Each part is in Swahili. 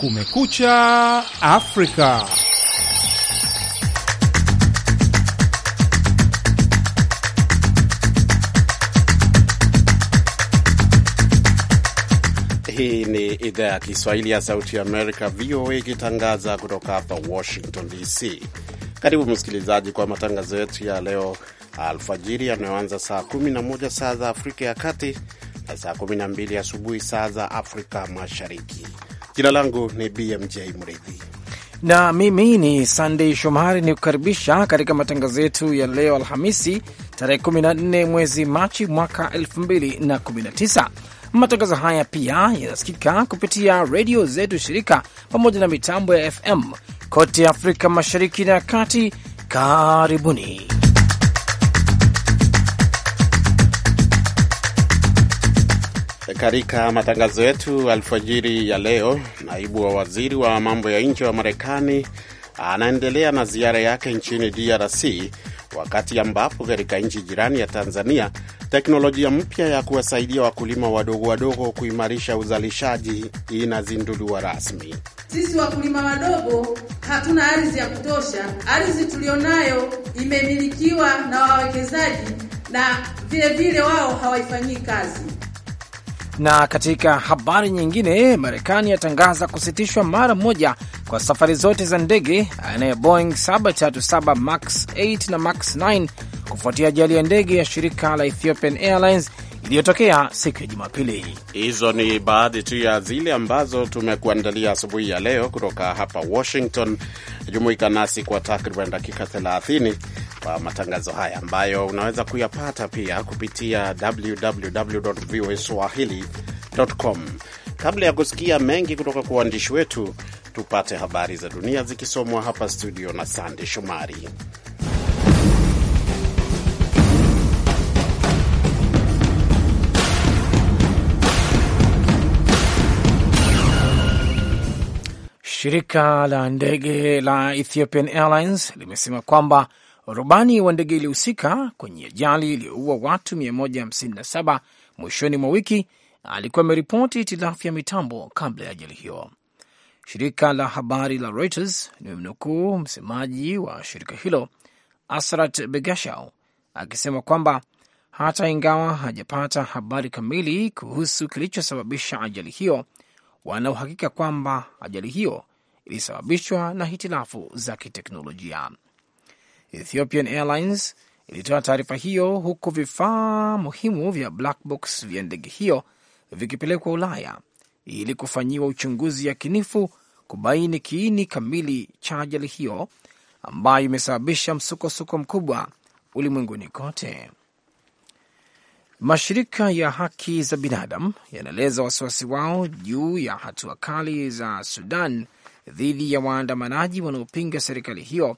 Kumekucha Afrika. Hii ni idhaa ya Kiswahili ya Sauti ya Amerika, VOA, ikitangaza kutoka hapa Washington DC. Karibu msikilizaji kwa matangazo yetu ya leo alfajiri yanayoanza saa 11 saa za Afrika ya Kati na saa 12 asubuhi saa za Afrika Mashariki. Jina langu ni BMJ Mridhi na mimi ni Sandey Shomari ni kukaribisha katika matangazo yetu ya leo Alhamisi, tarehe 14 mwezi Machi mwaka 2019. Matangazo haya pia yanasikika kupitia redio zetu shirika pamoja na mitambo ya FM kote Afrika Mashariki na ya Kati. Karibuni. Katika matangazo yetu alfajiri ya leo, naibu wa waziri wa mambo ya nje wa Marekani anaendelea na ziara yake nchini DRC wakati ambapo katika nchi jirani ya Tanzania teknolojia mpya ya kuwasaidia wakulima wadogo wadogo kuimarisha uzalishaji inazinduliwa rasmi. Sisi wakulima wadogo hatuna ardhi ya kutosha. Ardhi nayo imemilikiwa na wawekezaji na vilevile wao hawaifanyii kazi. Na katika habari nyingine, Marekani yatangaza kusitishwa mara moja kwa safari zote za ndege aina ya Boeing 737 Max 8 na Max 9 kufuatia ajali ya ndege ya shirika la Ethiopian Airlines iliyotokea siku ya Jumapili. Hizo ni baadhi tu ya zile ambazo tumekuandalia asubuhi ya leo kutoka hapa Washington. Jumuika nasi kwa takriban dakika 30 kwa matangazo haya ambayo unaweza kuyapata pia kupitia www voa swahili com. Kabla ya kusikia mengi kutoka kwa waandishi wetu, tupate habari za dunia zikisomwa hapa studio na Sande Shomari. Shirika la ndege la Ethiopian Airlines limesema kwamba rubani wa ndege ilihusika kwenye ajali iliyoua watu 157 mwishoni mwa wiki alikuwa ameripoti itilafu ya mitambo kabla ya ajali hiyo. Shirika la habari la Reuters limemnukuu msemaji wa shirika hilo Asrat Begashau akisema kwamba hata ingawa hajapata habari kamili kuhusu kilichosababisha ajali hiyo, wana uhakika kwamba ajali hiyo ilisababishwa na hitilafu za kiteknolojia. Ethiopian Airlines ilitoa taarifa hiyo huku vifaa muhimu vya black box vya ndege hiyo vikipelekwa Ulaya ili kufanyiwa uchunguzi yakinifu kubaini kiini kamili cha ajali hiyo ambayo imesababisha msukosuko mkubwa ulimwenguni kote. Mashirika ya haki za binadamu yanaeleza wasiwasi wao juu ya hatua kali za Sudan dhidi ya waandamanaji wanaopinga serikali hiyo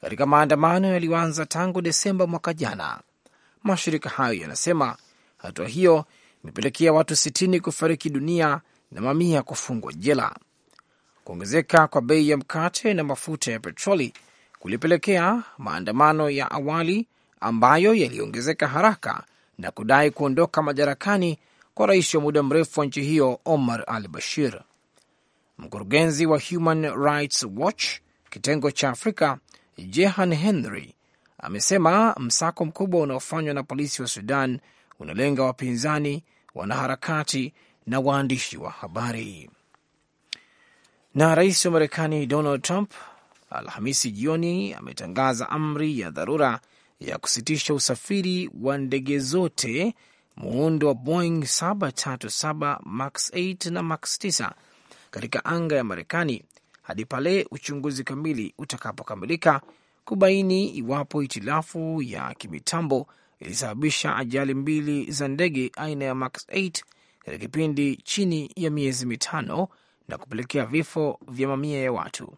katika maandamano yaliyoanza tangu Desemba mwaka jana. Mashirika hayo yanasema hatua hiyo imepelekea watu 60 kufariki dunia na mamia kufungwa jela. Kuongezeka kwa bei ya mkate na mafuta ya petroli kulipelekea maandamano ya awali ambayo yaliongezeka haraka na kudai kuondoka madarakani kwa rais wa muda mrefu wa nchi hiyo Omar al Bashir. Mkurugenzi wa Human Rights Watch kitengo cha Afrika, Jehan Henry, amesema msako mkubwa unaofanywa na polisi wa Sudan unalenga wapinzani, wanaharakati na waandishi wa habari. Na rais wa Marekani Donald Trump Alhamisi jioni ametangaza amri ya dharura ya kusitisha usafiri wa ndege zote muundo wa Boeing 737 max 8 na max 9 katika anga ya Marekani hadi pale uchunguzi kamili utakapokamilika kubaini iwapo hitilafu ya kimitambo ilisababisha ajali mbili za ndege aina ya Max 8 katika kipindi chini ya miezi mitano na kupelekea vifo vya mamia ya watu.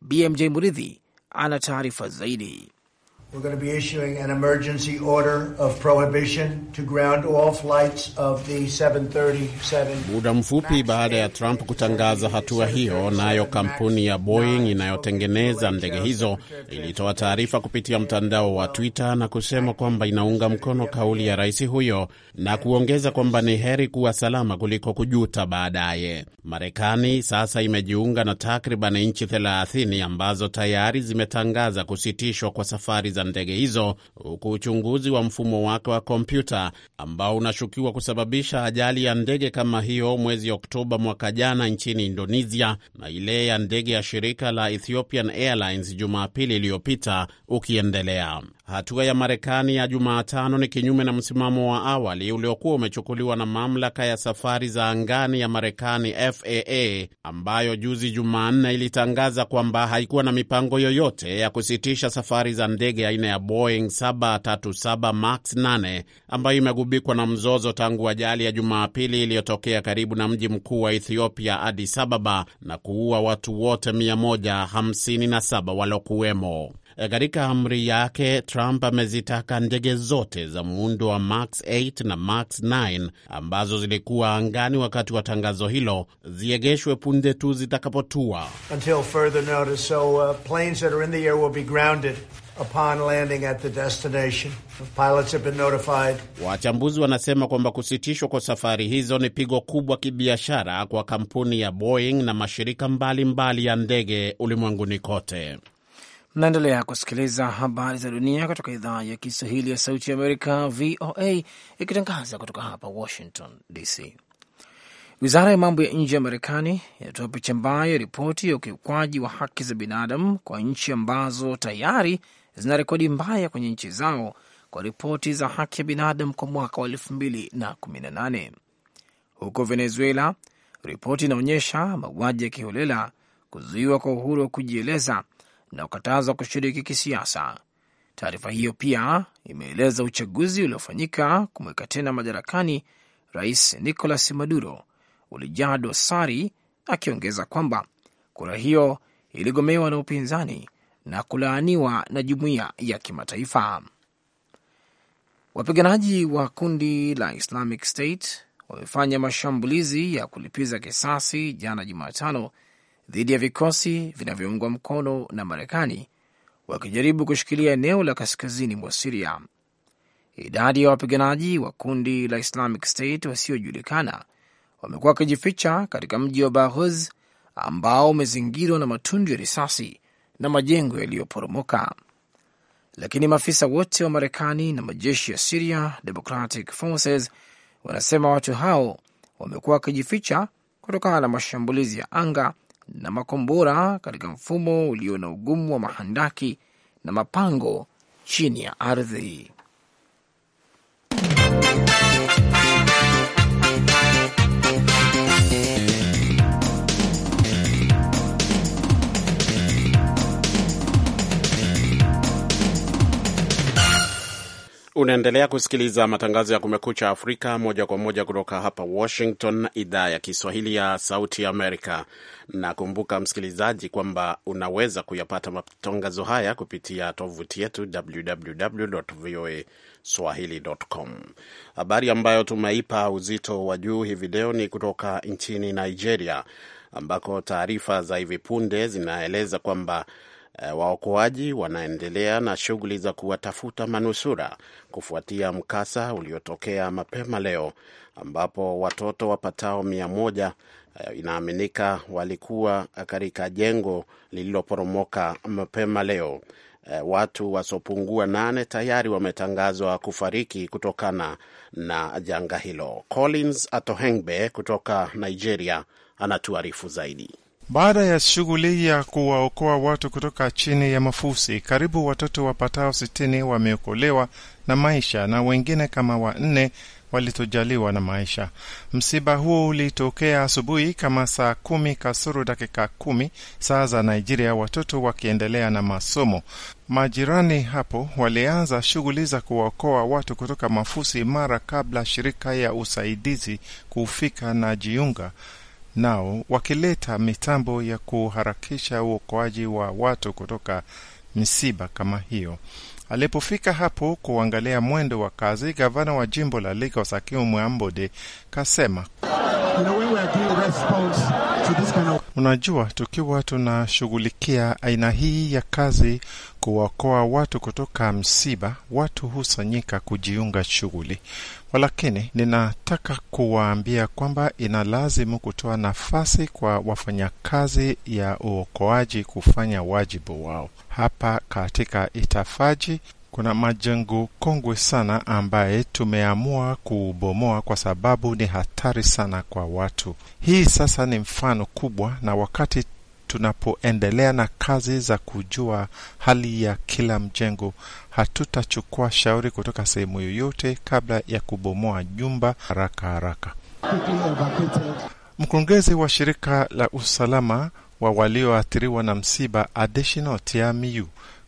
BMJ Muridhi ana taarifa zaidi. We're going to be issuing an emergency order of prohibition to ground all flights of the 737. Muda mfupi baada ya Trump kutangaza hatua hiyo, nayo kampuni ya Boeing inayotengeneza ndege hizo ilitoa taarifa kupitia mtandao wa Twitter na kusema kwamba inaunga mkono kauli ya rais huyo na kuongeza kwamba ni heri kuwa salama kuliko kujuta baadaye. Marekani sasa imejiunga na takriban nchi 30 ambazo tayari zimetangaza kusitishwa kwa safari za ndege hizo, huku uchunguzi wa mfumo wake wa kompyuta ambao unashukiwa kusababisha ajali ya ndege kama hiyo mwezi Oktoba mwaka jana nchini Indonesia na ile ya ndege ya shirika la Ethiopian Airlines Jumapili iliyopita ukiendelea. Hatua ya Marekani ya Jumatano ni kinyume na msimamo wa awali uliokuwa umechukuliwa na mamlaka ya safari za angani ya Marekani, FAA, ambayo juzi Jumanne ilitangaza kwamba haikuwa na mipango yoyote ya kusitisha safari za ndege aina ya Boeing 737 Max 8 ambayo imegubikwa na mzozo tangu ajali ya Jumapili iliyotokea karibu na mji mkuu wa Ethiopia, Addis Ababa, na kuua watu wote 157 walokuwemo. Eh, katika amri yake, Trump amezitaka ndege zote za muundo wa Max 8 na Max 9 ambazo zilikuwa angani wakati wa tangazo hilo ziegeshwe punde tu zitakapotua. Uh, upon landing at the destination. Pilots have been notified. Wachambuzi wanasema kwamba kusitishwa kwa safari hizo ni pigo kubwa kibiashara kwa kampuni ya Boeing na mashirika mbalimbali mbali ya ndege ulimwenguni kote. Mnaendelea kusikiliza habari za dunia kutoka idhaa ya Kiswahili ya Sauti ya Amerika, VOA, ikitangaza kutoka hapa Washington DC. Wizara ya mambo ya nje ya Marekani inatoa picha mbaya ripoti ya ukiukwaji wa haki za binadamu kwa nchi ambazo tayari zina rekodi mbaya kwenye nchi zao kwa ripoti za haki ya binadamu kwa mwaka wa 218 Huko Venezuela, ripoti inaonyesha mauaji ya kiholela, kuzuiwa kwa uhuru wa kujieleza na kukatazwa kushiriki kisiasa. Taarifa hiyo pia imeeleza uchaguzi uliofanyika kumweka tena madarakani rais Nicolas Maduro ulijaa dosari, akiongeza kwamba kura hiyo iligomewa na upinzani na kulaaniwa na jumuiya ya kimataifa. Wapiganaji wa kundi la Islamic State wamefanya mashambulizi ya kulipiza kisasi jana Jumatano dhidi ya vikosi vinavyoungwa mkono na Marekani wakijaribu kushikilia eneo la kaskazini mwa Siria. Idadi ya wapiganaji wa kundi la Islamic State wasiojulikana wamekuwa wakijificha katika mji wa Baghuz ambao umezingirwa na matundu ya risasi na majengo yaliyoporomoka. Lakini maafisa wote wa Marekani na majeshi ya Syria Democratic Forces wanasema watu hao wamekuwa wakijificha kutokana na mashambulizi ya anga na makombora katika mfumo ulio na ugumu wa mahandaki na mapango chini ya ardhi. Unaendelea kusikiliza matangazo ya Kumekucha Afrika moja kwa moja kutoka hapa Washington, idhaa ya Kiswahili ya Sauti ya Amerika. Na kumbuka msikilizaji, kwamba unaweza kuyapata matangazo haya kupitia tovuti yetu www voa swahili.com. Habari ambayo tumeipa uzito wa juu hivi leo ni kutoka nchini Nigeria, ambako taarifa za hivi punde zinaeleza kwamba Eh, waokoaji wanaendelea na shughuli za kuwatafuta manusura kufuatia mkasa uliotokea mapema leo ambapo watoto wapatao mia moja eh, inaaminika walikuwa katika jengo lililoporomoka mapema leo. Eh, watu wasiopungua nane tayari wametangazwa kufariki kutokana na janga hilo. Collins Atohengbe kutoka Nigeria anatuarifu zaidi. Baada ya shughuli ya kuwaokoa watu kutoka chini ya mafusi, karibu watoto wapatao sitini wameokolewa na maisha na wengine kama wanne walitojaliwa na maisha. Msiba huo ulitokea asubuhi kama saa kumi kasuru dakika kumi saa za Nigeria, watoto wakiendelea na masomo. Majirani hapo walianza shughuli za kuwaokoa watu kutoka mafusi mara kabla shirika ya usaidizi kufika na jiunga nao wakileta mitambo ya kuharakisha uokoaji wa watu kutoka misiba kama hiyo. Alipofika hapo kuangalia mwendo wa kazi, gavana wa jimbo la Lagos Akinwumi Mwambode kasema Unajua, tukiwa tunashughulikia aina hii ya kazi, kuwaokoa watu kutoka msiba, watu husanyika kujiunga shughuli. Walakini ninataka kuwaambia kwamba ina lazimu kutoa nafasi kwa wafanyakazi ya uokoaji kufanya wajibu wao. Hapa katika Itafaji kuna majengo kongwe sana ambaye tumeamua kuubomoa kwa sababu ni hatari sana kwa watu. Hii sasa ni mfano kubwa, na wakati tunapoendelea na kazi za kujua hali ya kila mjengo, hatutachukua shauri kutoka sehemu yoyote kabla ya kubomoa nyumba haraka haraka. Mkurugenzi wa shirika la usalama wa walioathiriwa na msiba Adesina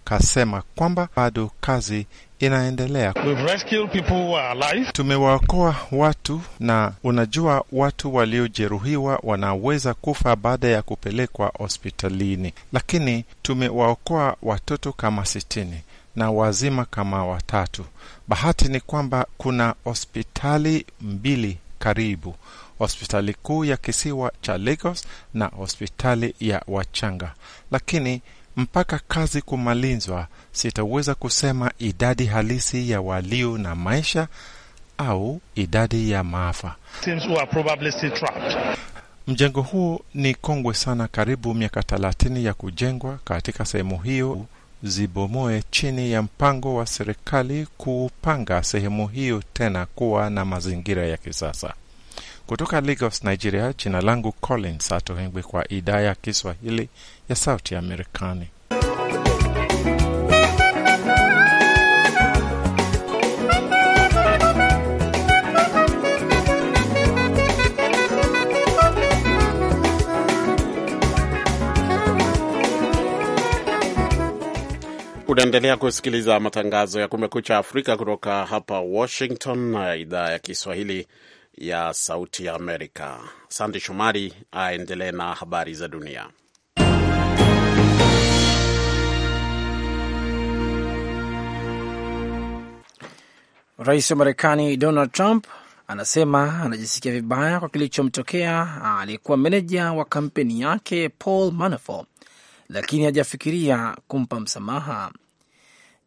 kasema kwamba bado kazi inaendelea. Tumewaokoa watu, na unajua watu waliojeruhiwa wanaweza kufa baada ya kupelekwa hospitalini, lakini tumewaokoa watoto kama sitini na wazima kama watatu. Bahati ni kwamba kuna hospitali mbili karibu, hospitali kuu ya kisiwa cha Lagos na hospitali ya wachanga, lakini mpaka kazi kumalizwa sitaweza kusema idadi halisi ya walio na maisha au idadi ya maafa. Mjengo huo ni kongwe sana, karibu miaka t30 ya kujengwa katika sehemu hiyo zibomoe chini ya mpango wa serikali kupanga sehemu hiyo tena kuwa na mazingira ya kisasa. Kutoka Lagos, Nigeria, jina langu Colin Satohengwi, kwa idaa ya Kiswahili ya Sauti ya Amerikani. Unaendelea kusikiliza matangazo ya Kumekucha Afrika kutoka hapa Washington na idhaa ya Kiswahili ya Sauti ya Amerika. Sande Shomari aendelee na habari za dunia. Rais wa Marekani Donald Trump anasema anajisikia vibaya kwa kilichomtokea aliyekuwa meneja wa kampeni yake Paul Manafort, lakini hajafikiria kumpa msamaha.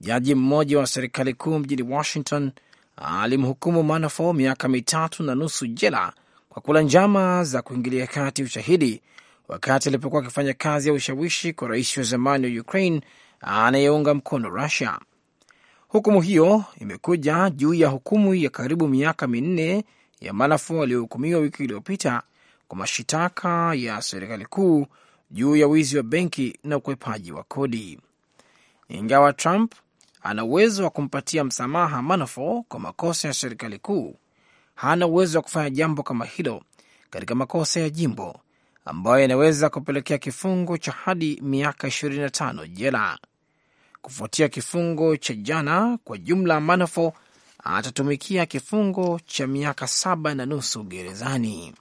Jaji mmoja wa serikali kuu mjini Washington alimhukumu Manafo miaka mitatu na nusu jela kwa kula njama za kuingilia kati ushahidi wakati alipokuwa akifanya kazi ya ushawishi kwa rais wa zamani wa Ukraine anayeunga mkono Rusia. Hukumu hiyo imekuja juu ya hukumu ya karibu miaka minne ya Manafo aliyohukumiwa wiki iliyopita kwa mashitaka ya serikali kuu juu ya wizi wa benki na ukwepaji wa kodi. Ingawa Trump ana uwezo wa kumpatia msamaha manafo kwa makosa ya serikali kuu, hana uwezo wa kufanya jambo kama hilo katika makosa ya jimbo ambayo yanaweza kupelekea kifungo cha hadi miaka 25 jela. Kufuatia kifungo cha jana, kwa jumla manafo atatumikia kifungo cha miaka saba na nusu gerezani.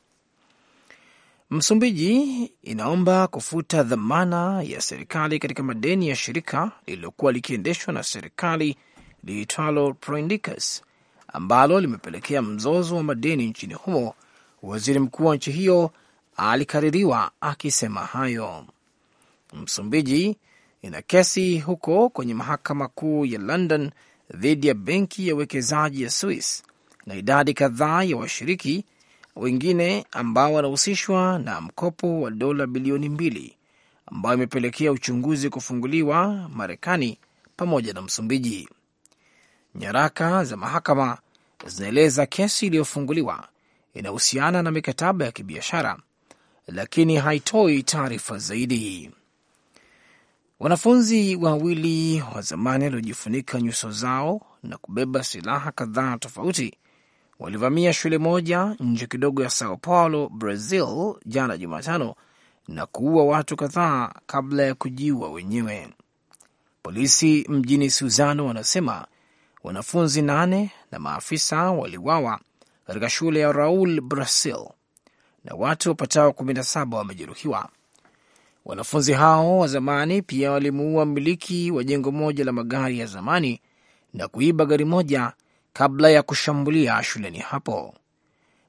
Msumbiji inaomba kufuta dhamana ya serikali katika madeni ya shirika lililokuwa likiendeshwa na serikali liitwalo Proindicus ambalo limepelekea mzozo wa madeni nchini humo. Waziri mkuu wa nchi hiyo alikaririwa akisema hayo. Msumbiji ina kesi huko kwenye mahakama kuu ya London dhidi ya benki ya uwekezaji ya Swiss na idadi kadhaa ya washiriki wengine ambao wanahusishwa na mkopo wa dola bilioni mbili ambayo imepelekea uchunguzi kufunguliwa Marekani pamoja na Msumbiji. Nyaraka za mahakama zinaeleza kesi iliyofunguliwa inahusiana na mikataba ya kibiashara, lakini haitoi taarifa zaidi. Wanafunzi wawili wa zamani waliojifunika nyuso zao na kubeba silaha kadhaa tofauti walivamia shule moja nje kidogo ya Sao Paulo, Brazil, jana Jumatano na kuua watu kadhaa kabla ya kujiua wenyewe. Polisi mjini Suzano wanasema wanafunzi nane na maafisa waliwawa katika shule ya Raul Brazil na watu wapatao 17 wamejeruhiwa. Wanafunzi hao wa zamani pia walimuua mmiliki wa jengo moja la magari ya zamani na kuiba gari moja kabla ya kushambulia shuleni hapo.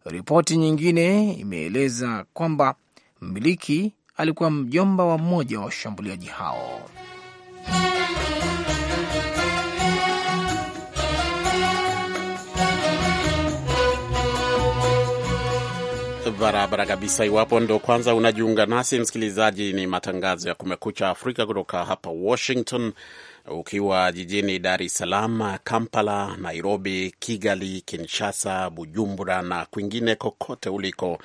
Ripoti nyingine imeeleza kwamba mmiliki alikuwa mjomba wa mmoja wa washambuliaji hao. Barabara kabisa. Iwapo ndo kwanza unajiunga nasi, msikilizaji, ni matangazo ya Kumekucha Afrika kutoka hapa Washington ukiwa jijini Dar es Salaam, Kampala, Nairobi, Kigali, Kinshasa, Bujumbura na kwingine kokote uliko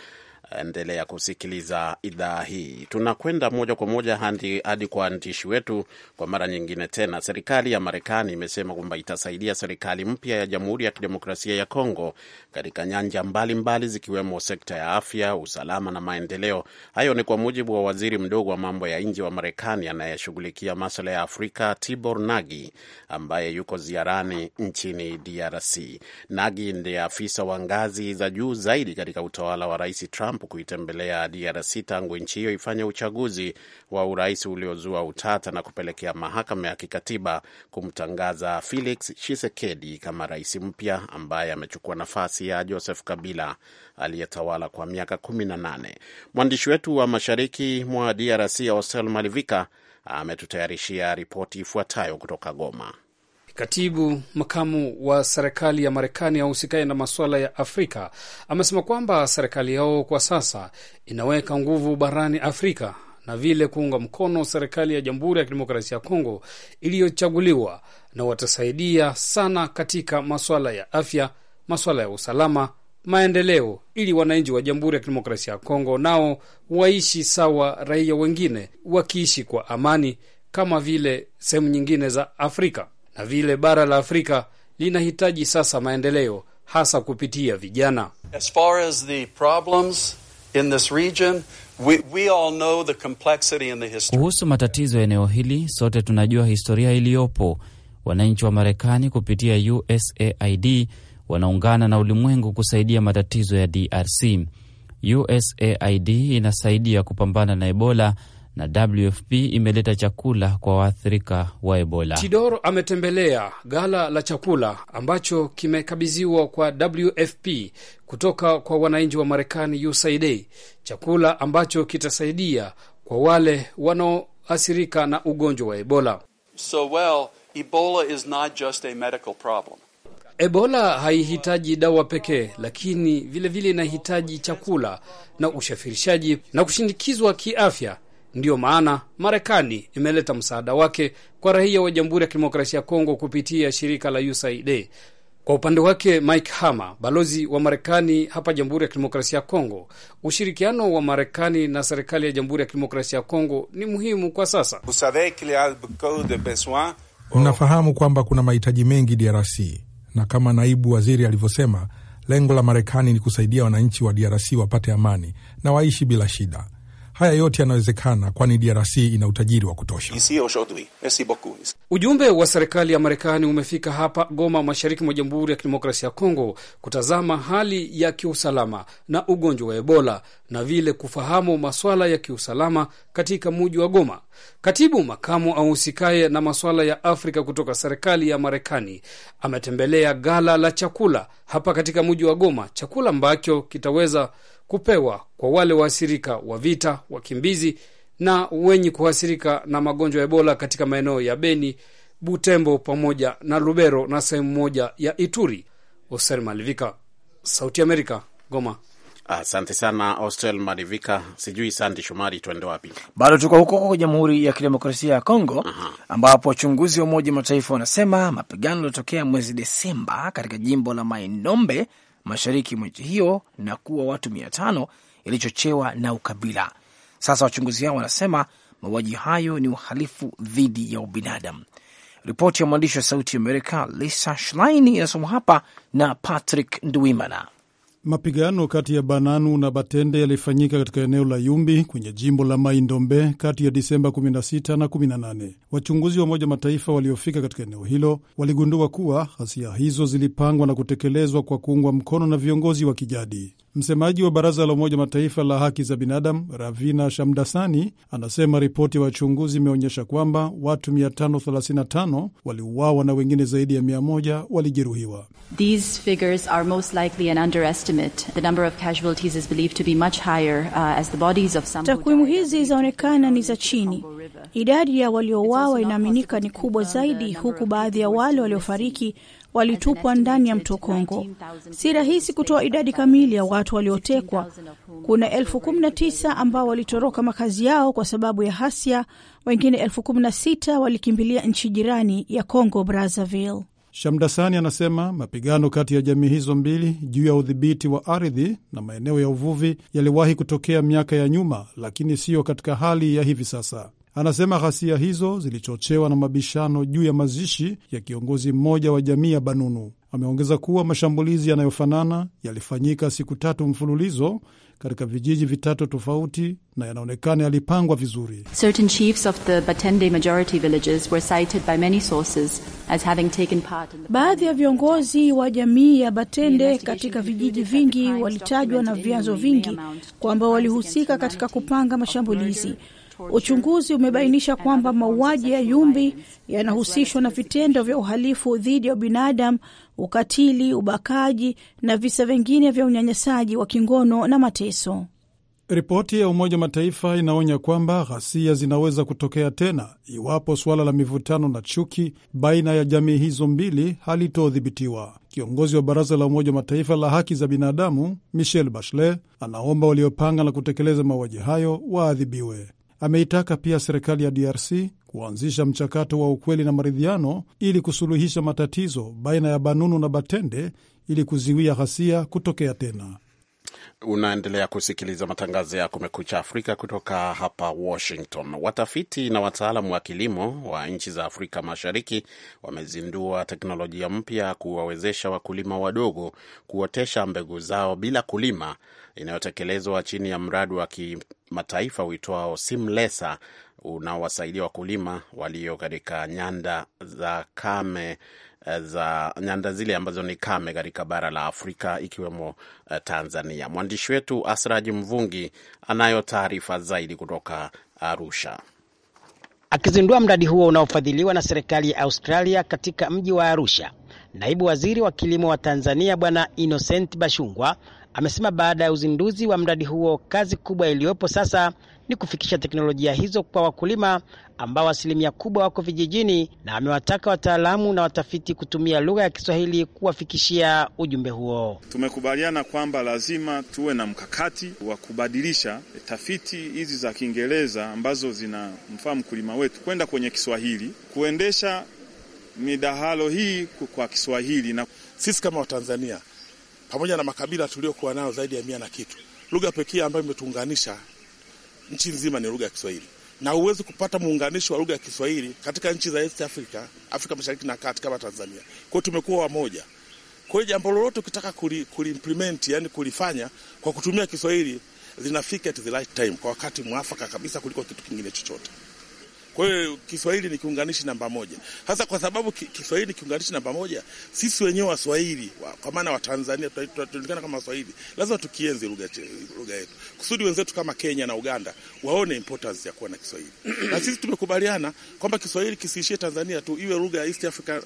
endelea kusikiliza idhaa hii. Tunakwenda moja kwa moja hadi kwa waandishi wetu. Kwa mara nyingine tena, serikali ya Marekani imesema kwamba itasaidia serikali mpya ya Jamhuri ya Kidemokrasia ya Kongo katika nyanja mbalimbali mbali, zikiwemo sekta ya afya, usalama na maendeleo. Hayo ni kwa mujibu wa waziri mdogo wa mambo ya nje wa Marekani anayeshughulikia maswala ya Afrika, Tibor Nagi, ambaye yuko ziarani nchini DRC. Nagi ndiye afisa wa ngazi za juu zaidi katika utawala wa Rais Trump Trump kuitembelea DRC tangu nchi hiyo ifanye uchaguzi wa urais uliozua utata na kupelekea mahakama ya kikatiba kumtangaza Felix Tshisekedi kama rais mpya ambaye amechukua nafasi ya Joseph Kabila aliyetawala kwa miaka nane. Mwandishi wetu wa mashariki mwa DRC Osel Malivika ametutayarishia ripoti ifuatayo kutoka Goma. Katibu makamu wa serikali ya Marekani ahusikaye na masuala ya Afrika amesema kwamba serikali yao kwa sasa inaweka nguvu barani Afrika na vile kuunga mkono serikali ya Jamhuri ya Kidemokrasia ya Kongo iliyochaguliwa, na watasaidia sana katika masuala ya afya, masuala ya usalama, maendeleo, ili wananchi wa Jamhuri ya Kidemokrasia ya Kongo nao waishi sawa raia wengine, wakiishi kwa amani kama vile sehemu nyingine za Afrika na vile bara la Afrika linahitaji sasa maendeleo hasa kupitia vijana. As far as the problems in this region, we, we all know the complexity the history. Kuhusu matatizo ya eneo hili, sote tunajua historia iliyopo. Wananchi wa Marekani kupitia USAID wanaungana na ulimwengu kusaidia matatizo ya DRC. USAID inasaidia kupambana na Ebola na WFP imeleta chakula kwa waathirika wa Ebola. Tidor ametembelea ghala la chakula ambacho kimekabidhiwa kwa WFP kutoka kwa wananchi wa Marekani USAID, chakula ambacho kitasaidia kwa wale wanaoathirika na ugonjwa wa Ebola. So well, Ebola is not just a medical problem. Ebola haihitaji dawa pekee, lakini vilevile inahitaji chakula na usafirishaji na kushindikizwa kiafya Ndiyo maana Marekani imeleta msaada wake kwa raia wa Jamhuri ya Kidemokrasia ya Kongo kupitia shirika la USAID. Kwa upande wake Mike Hammer, balozi wa Marekani hapa Jamhuri ya Kidemokrasia ya Kongo, ushirikiano wa Marekani na serikali ya Jamhuri ya Kidemokrasia ya Kongo ni muhimu kwa sasa. Mnafahamu kwamba kuna mahitaji mengi DRC, na kama naibu waziri alivyosema, lengo la Marekani ni kusaidia wananchi wa DRC wapate amani na waishi bila shida. Haya yote yanawezekana, kwani DRC ina utajiri wa kutosha. Ujumbe wa serikali ya Marekani umefika hapa Goma, mashariki mwa Jamhuri ya Kidemokrasia ya Kongo, kutazama hali ya kiusalama na ugonjwa wa Ebola na vile kufahamu maswala ya kiusalama katika muji wa Goma. Katibu makamu ahusikaye na maswala ya Afrika kutoka serikali ya Marekani ametembelea gala la chakula hapa katika muji wa Goma, chakula ambacho kitaweza kupewa kwa wale waasirika wa vita, wakimbizi na wenye kuhasirika na magonjwa ya Ebola katika maeneo ya Beni, Butembo pamoja na Lubero na sehemu moja ya Ituri. Oster Malivika, Sauti Amerika, Goma. Asante sana Ostel Marivika. Sijui Sandi Shomari, tuende wapi? Bado tuko huko huko Jamhuri ya Kidemokrasia ya Kongo, ambapo wachunguzi wa Umoja Mataifa wanasema mapigano yaliyotokea mwezi Desemba katika jimbo la mainombe mashariki mwa nchi hiyo na kuwa watu mia tano yalichochewa na ukabila. Sasa wachunguzi hao wanasema mauaji hayo ni uhalifu dhidi ya ubinadamu. Ripoti ya mwandishi wa Sauti Amerika Lisa Schlein inasomwa hapa na Patrick Ndwimana. Mapigano kati ya Bananu na Batende yalifanyika katika eneo la Yumbi kwenye jimbo la Mai Ndombe kati ya Disemba 16 na 18. Wachunguzi wa Umoja Mataifa waliofika katika eneo hilo waligundua kuwa ghasia hizo zilipangwa na kutekelezwa kwa kuungwa mkono na viongozi wa kijadi. Msemaji wa baraza la Umoja Mataifa la haki za binadamu Ravina Shamdasani anasema ripoti ya wa wachunguzi imeonyesha kwamba watu 535 waliuawa na wengine zaidi ya 100 walijeruhiwa. Takwimu hizi zaonekana ni za chini Idadi ya waliouawa inaaminika ni kubwa zaidi, huku baadhi ya wale waliofariki walitupwa ndani ya mto Kongo. Si rahisi kutoa idadi kamili ya watu waliotekwa. Kuna elfu kumi na tisa ambao walitoroka makazi yao kwa sababu ya hasia, wengine elfu kumi na sita walikimbilia nchi jirani ya Congo Brazzaville. Shamdasani anasema mapigano kati ya jamii hizo mbili juu ya udhibiti wa ardhi na maeneo ya uvuvi yaliwahi kutokea miaka ya nyuma, lakini siyo katika hali ya hivi sasa. Anasema ghasia hizo zilichochewa na mabishano juu ya mazishi ya kiongozi mmoja wa jamii ya Banunu. Ameongeza kuwa mashambulizi yanayofanana yalifanyika siku tatu mfululizo katika vijiji vitatu tofauti na yanaonekana yalipangwa vizuri. Baadhi ya viongozi wa jamii ya Batende katika vijiji vingi walitajwa na vyanzo vingi kwamba walihusika katika kupanga mashambulizi. Uchunguzi umebainisha kwamba mauaji ya Yumbi yanahusishwa na vitendo vya uhalifu dhidi ya binadamu, ukatili, ubakaji na visa vingine vya unyanyasaji wa kingono na mateso. Ripoti ya Umoja wa Mataifa inaonya kwamba ghasia zinaweza kutokea tena iwapo suala la mivutano na chuki baina ya jamii hizo mbili halitodhibitiwa. Kiongozi wa Baraza la Umoja Mataifa la Haki za Binadamu Michelle Bachelet anaomba waliopanga na kutekeleza mauaji hayo waadhibiwe. Ameitaka pia serikali ya DRC kuanzisha mchakato wa ukweli na maridhiano ili kusuluhisha matatizo baina ya Banunu na Batende ili kuziwia ghasia kutokea tena. Unaendelea kusikiliza matangazo ya Kumekucha Afrika kutoka hapa Washington. Watafiti na wataalamu wa kilimo wa nchi za Afrika Mashariki wamezindua teknolojia mpya kuwawezesha wakulima wadogo kuotesha mbegu zao bila kulima, inayotekelezwa chini ya mradi wa kimataifa uitwao Simlesa unaowasaidia wakulima walio katika nyanda za kame Eh, za nyanda zile ambazo ni kame katika bara la Afrika ikiwemo eh, Tanzania. Mwandishi wetu Asraji Mvungi anayo taarifa zaidi kutoka Arusha. Akizindua mradi huo unaofadhiliwa na serikali ya Australia katika mji wa Arusha, naibu waziri wa kilimo wa Tanzania Bwana Innocent Bashungwa amesema baada ya uzinduzi wa mradi huo, kazi kubwa iliyopo sasa ni kufikisha teknolojia hizo kwa wakulima ambao asilimia kubwa wako vijijini, na amewataka wataalamu na watafiti kutumia lugha ya Kiswahili kuwafikishia ujumbe huo. Tumekubaliana kwamba lazima tuwe na mkakati wa kubadilisha tafiti hizi za Kiingereza ambazo zinamfaa mkulima wetu kwenda kwenye Kiswahili, kuendesha midahalo hii kwa Kiswahili. Na sisi kama Watanzania pamoja na makabila tuliokuwa nayo zaidi ya mia na kitu, lugha pekee ambayo imetuunganisha nchi nzima ni lugha ya Kiswahili na huwezi kupata muunganisho wa lugha ya Kiswahili katika nchi za East Africa, Afrika Mashariki na Kati kama Tanzania. Kwa hiyo tumekuwa wamoja. Kwa hiyo jambo lolote ukitaka kuliimplement, yani kulifanya kwa kutumia Kiswahili linafika at the right time, kwa wakati mwafaka kabisa kuliko kitu kingine chochote. Kwa hiyo Kiswahili ni kiunganishi namba moja. Sasa kwa sababu Kiswahili ni kiunganishi namba moja, sisi wenyewe Waswahili kwa maana Watanzania tunajulikana kama Waswahili, lazima tukienzi lugha yetu kusudi wenzetu kama Kenya na Uganda waone importance ya kuwa na Kiswahili na sisi tumekubaliana kwamba Kiswahili kisiishie Tanzania tu, iwe lugha ya East Africa,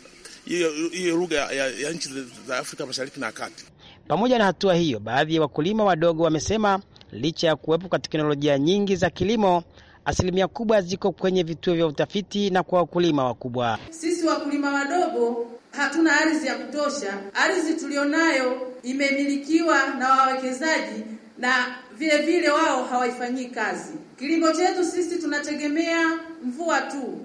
iwe lugha ya, ya nchi za Afrika Mashariki na Kati. Pamoja na hatua hiyo, baadhi ya wakulima wadogo wamesema licha ya kuwepo kwa teknolojia nyingi za kilimo asilimia kubwa ziko kwenye vituo vya utafiti na kwa wakulima wakubwa. Sisi wakulima wadogo hatuna ardhi ya kutosha. Ardhi tulionayo imemilikiwa na wawekezaji na vile vile wao hawaifanyii kazi. Kilimo chetu sisi tunategemea mvua tu.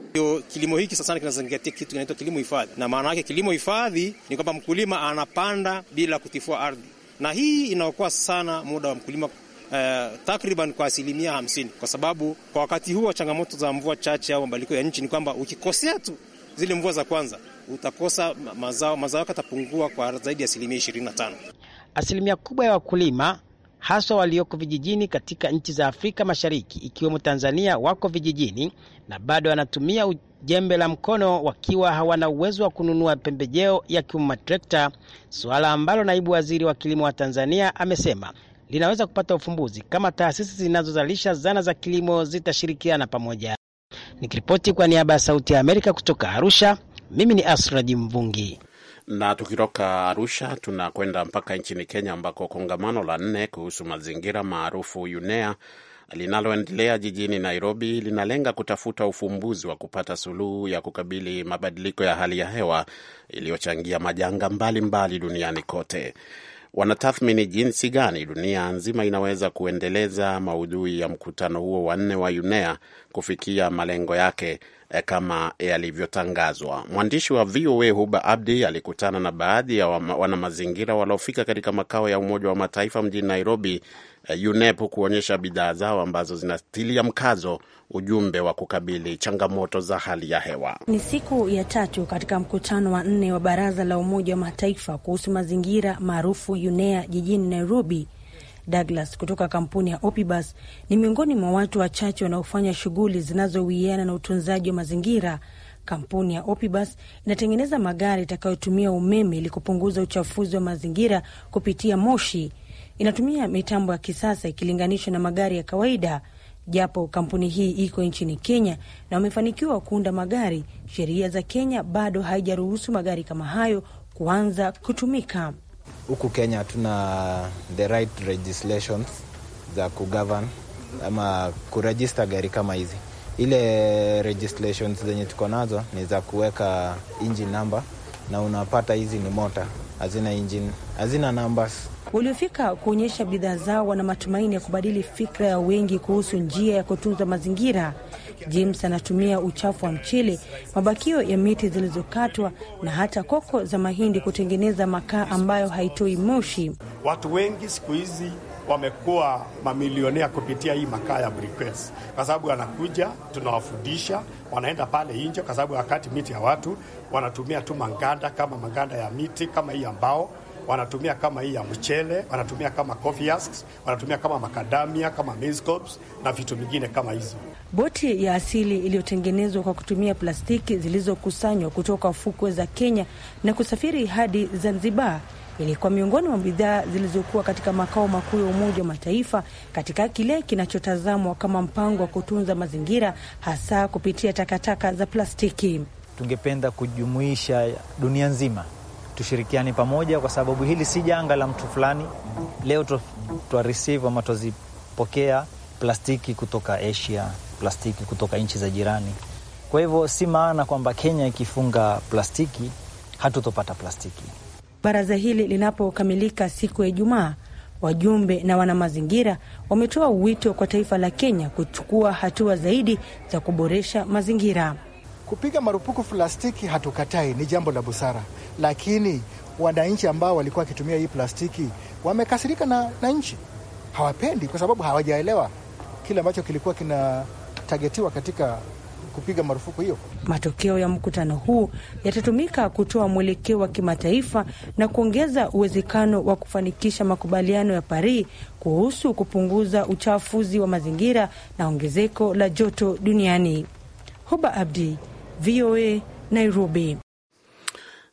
Kilimo hiki sasa kinazingatia kitu kinaitwa kilimo hifadhi, na maana yake kilimo hifadhi ni kwamba mkulima anapanda bila kutifua ardhi, na hii inaokoa sana muda wa mkulima Eh, takriban kwa asilimia hamsini, kwa sababu kwa wakati huo changamoto za mvua chache au mabadiliko ya nchi ni kwamba ukikosea tu zile mvua za kwanza utakosa mazao, mazao yako yatapungua kwa zaidi ya asilimia tano. Asilimia kubwa ya wakulima haswa walioko vijijini katika nchi za Afrika Mashariki ikiwemo Tanzania wako vijijini na bado wanatumia jembe la mkono wakiwa hawana uwezo wa kununua pembejeo yakiwemo matrekta, suala ambalo naibu waziri wa kilimo wa Tanzania amesema linaweza kupata ufumbuzi kama taasisi zinazozalisha zana za kilimo zitashirikiana pamoja. Nikiripoti kwa niaba ya Sauti ya Amerika kutoka Arusha, mimi ni Asraji Mvungi. Na tukitoka Arusha tunakwenda mpaka nchini Kenya ambako kongamano la nne kuhusu mazingira maarufu UNEA linaloendelea jijini Nairobi linalenga kutafuta ufumbuzi wa kupata suluhu ya kukabili mabadiliko ya hali ya hewa iliyochangia majanga mbalimbali mbali duniani kote wanatathmini jinsi gani dunia nzima inaweza kuendeleza maudhui ya mkutano huo wanne wa UNEA kufikia malengo yake eh, kama yalivyotangazwa. Mwandishi wa VOA Huba Abdi alikutana na baadhi ya wanamazingira waliofika katika makao ya Umoja wa Mataifa mjini Nairobi Eh, UNEP kuonyesha bidhaa zao ambazo zinatilia mkazo ujumbe wa kukabili changamoto za hali ya hewa. Ni siku ya tatu katika mkutano wa nne wa Baraza la Umoja wa Mataifa kuhusu mazingira maarufu UNEA jijini Nairobi. Douglas kutoka kampuni ya Opibus ni miongoni mwa watu wachache wanaofanya shughuli zinazowiana na utunzaji wa mazingira. Kampuni ya Opibus inatengeneza magari itakayotumia umeme ili kupunguza uchafuzi wa mazingira kupitia moshi inatumia mitambo ya kisasa ikilinganishwa na magari ya kawaida, japo kampuni hii iko nchini Kenya na wamefanikiwa kuunda magari, sheria za Kenya bado haijaruhusu magari kama hayo kuanza kutumika. Huku Kenya hatuna the right legislations za kugovern ama kurejista gari kama hizi. Ile registrations zenye tuko nazo ni za kuweka engine number, na unapata hizi ni mota hazina engine, hazina numbers Waliofika kuonyesha bidhaa zao wana matumaini ya kubadili fikra ya wengi kuhusu njia ya kutunza mazingira. James anatumia uchafu wa mchele, mabakio ya miti zilizokatwa na hata koko za mahindi kutengeneza makaa ambayo haitoi moshi. Watu wengi siku hizi wamekuwa mamilionea kupitia hii makaa ya briquettes, kwa sababu wanakuja, tunawafundisha, wanaenda pale nje, kwa sababu wakati miti ya watu wanatumia tu manganda kama manganda ya miti kama hii ambao wanatumia kama hii ya mchele, wanatumia kama coffee husks, wanatumia kama makadamia, kama maize cobs na vitu vingine kama hizo. Boti ya asili iliyotengenezwa kwa kutumia plastiki zilizokusanywa kutoka fukwe za Kenya na kusafiri hadi Zanzibar ilikuwa miongoni mwa bidhaa zilizokuwa katika makao makuu ya Umoja wa Mataifa katika kile kinachotazamwa kama mpango wa kutunza mazingira hasa kupitia takataka za plastiki. Tungependa kujumuisha dunia nzima tushirikiane pamoja, kwa sababu hili si janga la mtu fulani. Leo receive ama twazipokea plastiki kutoka Asia, plastiki kutoka nchi za jirani. Kwa hivyo si maana kwamba Kenya ikifunga plastiki hatutopata plastiki. Baraza hili linapokamilika siku ya Ijumaa, wajumbe na wanamazingira wametoa wito kwa taifa la Kenya kuchukua hatua zaidi za kuboresha mazingira. Kupiga marufuku plastiki hatukatai, ni jambo la busara, lakini wananchi ambao walikuwa wakitumia hii plastiki wamekasirika na, na nchi hawapendi, kwa sababu hawajaelewa kile ambacho kilikuwa kinatagetiwa katika kupiga marufuku hiyo. Matokeo ya mkutano huu yatatumika kutoa mwelekeo wa kimataifa na kuongeza uwezekano wa kufanikisha makubaliano ya Paris kuhusu kupunguza uchafuzi wa mazingira na ongezeko la joto duniani. Huba Abdi, VOA Nairobi.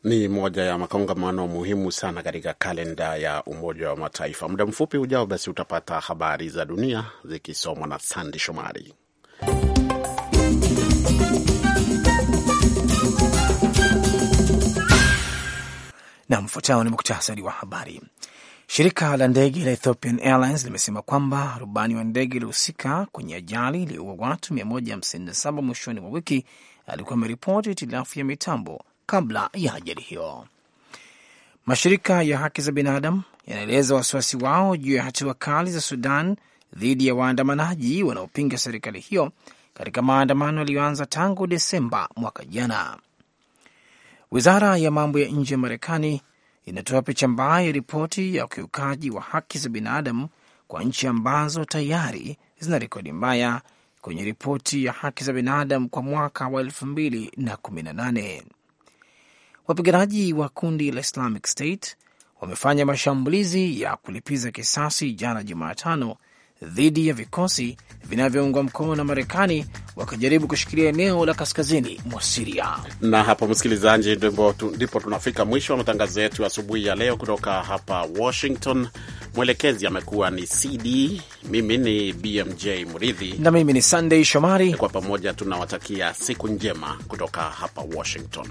Ni moja ya makongamano muhimu sana katika kalenda ya Umoja wa Mataifa. Muda mfupi ujao, basi utapata habari za dunia zikisomwa na Sandi Shomari. Na mfuatao ni muktasari wa habari. Shirika la ndege la Ethiopian Airlines limesema kwamba rubani wa ndege ilihusika kwenye ajali iliyoua watu 157 mwishoni mwa wiki alikuwa ameripoti hitilafu ya mitambo kabla ya ajali hiyo. Mashirika ya haki za binadamu yanaeleza wasiwasi wao juu ya hatua kali za Sudan dhidi ya waandamanaji wanaopinga serikali hiyo katika maandamano yaliyoanza tangu Desemba mwaka jana. Wizara ya mambo ya nje ya Marekani inatoa picha mbaya ya ripoti ya ukiukaji wa haki za binadamu kwa nchi ambazo tayari zina rekodi mbaya kwenye ripoti ya haki za binadamu kwa mwaka wa 218 Wapiganaji wa kundi la Islamic State wamefanya mashambulizi ya kulipiza kisasi jana Jumatano dhidi ya vikosi vinavyoungwa mkono na Marekani wakijaribu kushikilia eneo la kaskazini mwa Siria. Na hapo, msikilizaji, ndipo tunafika mwisho wa matangazo yetu asubuhi ya leo kutoka hapa Washington. Mwelekezi amekuwa ni CD, mimi ni BMJ Muridhi na mimi ni Sunday Shomari. Kwa pamoja tunawatakia siku njema kutoka hapa Washington.